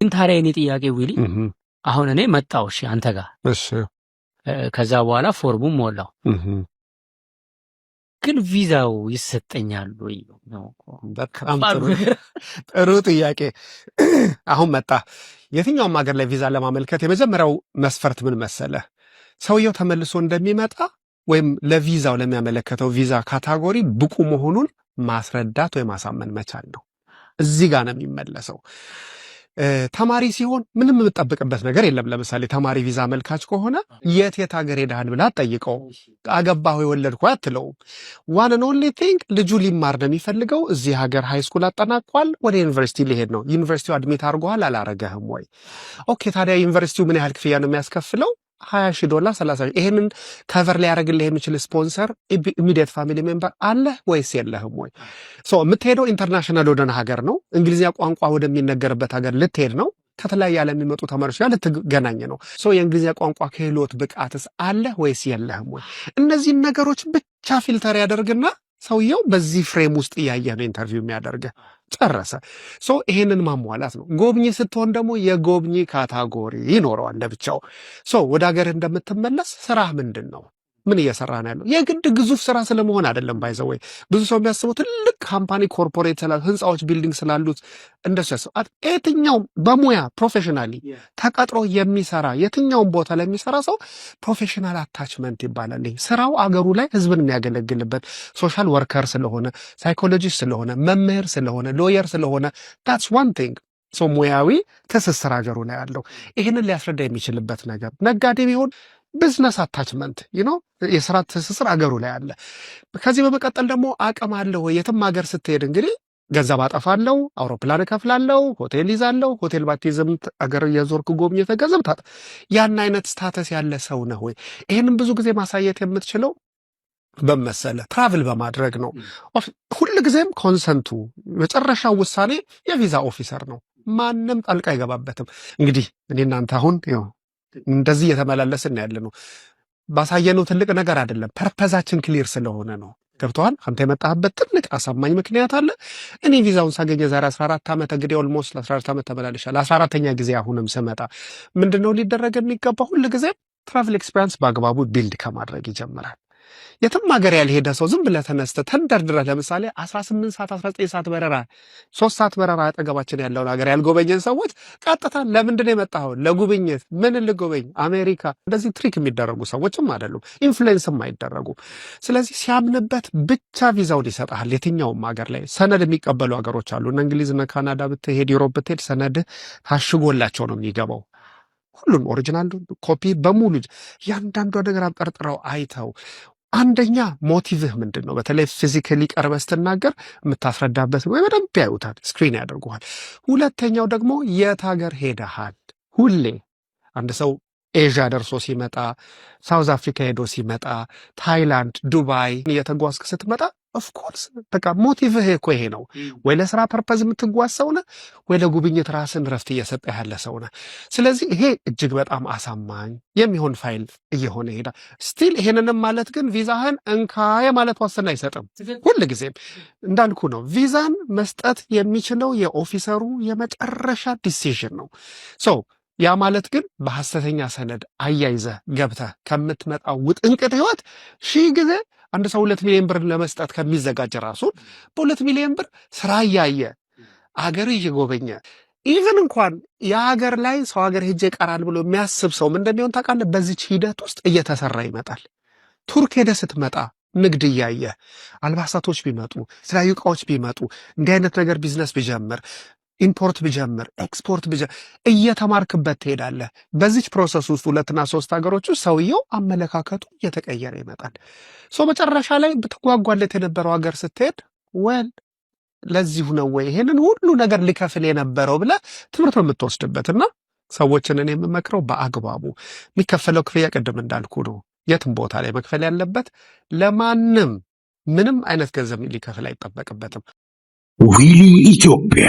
ግን ታዲያ የኔ ጥያቄ ዊሊ አሁን እኔ መጣው እሺ አንተ ጋር ከዛ በኋላ ፎርሙም ሞላው፣ ግን ቪዛው ይሰጠኛሉ ጥሩ ጥያቄ። አሁን መጣ። የትኛውም ሀገር ላይ ቪዛ ለማመልከት የመጀመሪያው መስፈርት ምን መሰለ? ሰውየው ተመልሶ እንደሚመጣ ወይም ለቪዛው ለሚያመለከተው ቪዛ ካታጎሪ ብቁ መሆኑን ማስረዳት ወይም ማሳመን መቻል ነው። እዚህ ጋር ነው የሚመለሰው። ተማሪ ሲሆን ምንም የምጠብቅበት ነገር የለም። ለምሳሌ ተማሪ ቪዛ መልካች ከሆነ የት የት ሀገር ሄደሃል ብላ ጠይቀው። አገባሁ የወለድኩ አትለው። ዋን ን ኦንሊ ቲንግ ልጁ ሊማር ነው የሚፈልገው። እዚህ ሀገር ሃይስኩል አጠናቋል፣ ወደ ዩኒቨርሲቲ ሊሄድ ነው። ዩኒቨርሲቲው አድሚት አድርጎሃል፣ አላረገህም ወይ? ኦኬ ታዲያ ዩኒቨርሲቲው ምን ያህል ክፍያ ነው የሚያስከፍለው? ሀያ ሺህ ዶላር ሰላሳ ሺህ ይህንን ከቨር ሊያደርግልህ የሚችል ስፖንሰር ኢሚዲየት ፋሚሊ ሜምበር አለህ ወይስ የለህም? ወይ የምትሄደው ኢንተርናሽናል ወደን ሀገር ነው። እንግሊዝኛ ቋንቋ ወደሚነገርበት ሀገር ልትሄድ ነው። ከተለያየ ዓለም የሚመጡ ተማሪዎች ጋር ልትገናኝ ነው። የእንግሊዝኛ ቋንቋ ክህሎት ብቃትስ አለህ ወይስ የለህም? ወይ እነዚህን ነገሮች ብቻ ፊልተር ያደርግና ሰውየው በዚህ ፍሬም ውስጥ እያየ ነው ኢንተርቪው የሚያደርገ ጨረሰ። ሶ ይሄንን ማሟላት ነው። ጎብኚ ስትሆን ደግሞ የጎብኚ ካታጎሪ ይኖረዋል ለብቻው። ሶ ወደ ሀገር እንደምትመለስ ስራህ ምንድን ነው? ምን እየሰራ ነው ያለው? የግድ ግዙፍ ስራ ስለመሆን አይደለም። ባይዘወይ ብዙ ሰው የሚያስበው ትልቅ ካምፓኒ ኮርፖሬት ስላሉ ህንፃዎች፣ ቢልዲንግ ስላሉት እንደሱ ያስበው። የትኛውም በሙያ ፕሮፌሽናሊ ተቀጥሮ የሚሰራ የትኛውም ቦታ ላይ የሚሰራ ሰው ፕሮፌሽናል አታችመንት ይባላል። ስራው አገሩ ላይ ህዝብን የሚያገለግልበት ሶሻል ወርከር ስለሆነ፣ ሳይኮሎጂስት ስለሆነ፣ መምህር ስለሆነ፣ ሎየር ስለሆነ ታትስ ዋን ቲንግ ሰው ሙያዊ ትስስር ሀገሩ ላይ አለው። mm. ይህንን ሊያስረዳ የሚችልበት ነገር ነጋዴ ቢሆን ቢዝነስ አታችመንት ነው የስራ ትስስር አገሩ ላይ አለ። ከዚህ በመቀጠል ደግሞ አቅም አለው። የትም ሀገር ስትሄድ እንግዲህ ገንዘብ አጠፋለው፣ አውሮፕላን እከፍላለው፣ ሆቴል ይዛለው። ሆቴል ባቲዝም አገር የዞርክ ጎብኝተ ገንዘብ ታጥ ያን አይነት ስታተስ ያለ ሰው ነህ ወይ? ይህንም ብዙ ጊዜ ማሳየት የምትችለው በመሰለ ትራቭል በማድረግ ነው። ሁል ጊዜም ኮንሰንቱ መጨረሻው ውሳኔ የቪዛ ኦፊሰር ነው። ማንም ጣልቃ አይገባበትም። እንግዲህ እኔ እናንተ አሁን እንደዚህ እየተመላለስን ያለ ነው። ባሳየነው ትልቅ ነገር አይደለም፣ ፐርፐዛችን ክሊር ስለሆነ ነው። ገብተዋል። አንተ የመጣህበት ትልቅ አሳማኝ ምክንያት አለ። እኔ ቪዛውን ሳገኘ ዛሬ 14 ዓመት እንግዲህ ኦልሞስት 14 ዓመት ተመላልሻል። 14ተኛ ጊዜ አሁንም ስመጣ ምንድነው ሊደረግ የሚገባ ጊዜ ትራቭል ኤክስፔሪንስ በአግባቡ ቢልድ ከማድረግ ይጀምራል። የትም ሀገር ያልሄደ ሰው ዝም ብለህ ተነስተህ ተንደርድረህ ለምሳሌ 18 ሰዓት 19 ሰዓት በረራ 3 ሰዓት በረራ አጠገባችን ያለውን ሀገር ያልጎበኘን ሰዎች ቀጥታ ለምንድን የመጣው የመጣኸው? ለጉብኝት ምን ልጎበኝ አሜሪካ። እንደዚህ ትሪክ የሚደረጉ ሰዎችም አይደሉም፣ ኢንፍሉዌንስም አይደረጉ። ስለዚህ ሲያምንበት ብቻ ቪዛውን ይሰጣል የትኛውም ሀገር ላይ ሰነድ የሚቀበሉ ሀገሮች አሉ። እነ እንግሊዝ፣ እነ ካናዳ ብትሄድ ዩሮፕ ብትሄድ ሰነድ ታሽጎላቸው ነው የሚገባው ሁሉም ኦሪጂናል ኮፒ በሙሉ እያንዳንዷ ነገር አብጠርጥረው አይተው አንደኛ ሞቲቭህ ምንድን ነው? በተለይ ፊዚካሊ ቀርበ ስትናገር የምታስረዳበት ወይ በደንብ ያዩታል፣ ስክሪን ያደርጉሃል። ሁለተኛው ደግሞ የት ሀገር ሄደሃል? ሁሌ አንድ ሰው ኤዥያ ደርሶ ሲመጣ፣ ሳውዝ አፍሪካ ሄዶ ሲመጣ፣ ታይላንድ፣ ዱባይ እየተጓዝክ ስትመጣ ኦፍኮርስ በቃ ሞቲቭህ እኮ ይሄ ነው። ወይ ለስራ ፐርፐዝ የምትጓዝ ሰውነ ወይ ለጉብኝት ራስን ረፍት እየሰጠ ያለ ሰውነ። ስለዚህ ይሄ እጅግ በጣም አሳማኝ የሚሆን ፋይል እየሆነ ይሄዳል። ስቲል ይሄንንም ማለት ግን ቪዛህን እንካ የማለት ዋስትና አይሰጥም። ሁል ጊዜም እንዳልኩ ነው። ቪዛን መስጠት የሚችለው የኦፊሰሩ የመጨረሻ ዲሲዥን ነው። ሶ ያ ማለት ግን በሐሰተኛ ሰነድ አያይዘህ ገብተህ ከምትመጣው ውጥንቅጥ ህይወት ሺህ ጊዜ አንድ ሰው ሁለት ሚሊዮን ብር ለመስጠት ከሚዘጋጅ ራሱ በሁለት ሚሊዮን ብር ስራ እያየ አገር እየጎበኘ ኢቨን እንኳን የሀገር ላይ ሰው ሀገር ሄጄ ይቀራል ብሎ የሚያስብ ሰውም እንደሚሆን ታውቃለህ። በዚች ሂደት ውስጥ እየተሰራ ይመጣል። ቱርክ ሄደ ስትመጣ ንግድ እያየ አልባሳቶች ቢመጡ፣ የተለያዩ እቃዎች ቢመጡ፣ እንዲህ አይነት ነገር ቢዝነስ ቢጀምር ኢምፖርት ብጀምር ኤክስፖርት ብጀምር እየተማርክበት ትሄዳለህ። በዚች ፕሮሰስ ውስጥ ሁለትና ሶስት ሀገሮች ውስጥ ሰውየው አመለካከቱ እየተቀየረ ይመጣል። ሰው መጨረሻ ላይ ብትጓጓለት የነበረው ሀገር ስትሄድ ወን ለዚሁ ነው ወይ ይሄንን ሁሉ ነገር ሊከፍል የነበረው ብለ ትምህርት ነው የምትወስድበት። እና ሰዎችን እኔ የምመክረው በአግባቡ የሚከፈለው ክፍያ ቅድም እንዳልኩ ነው። የትም ቦታ ላይ መክፈል ያለበት ለማንም ምንም አይነት ገንዘብ ሊከፍል አይጠበቅበትም። ዊሊ ኢትዮጵያ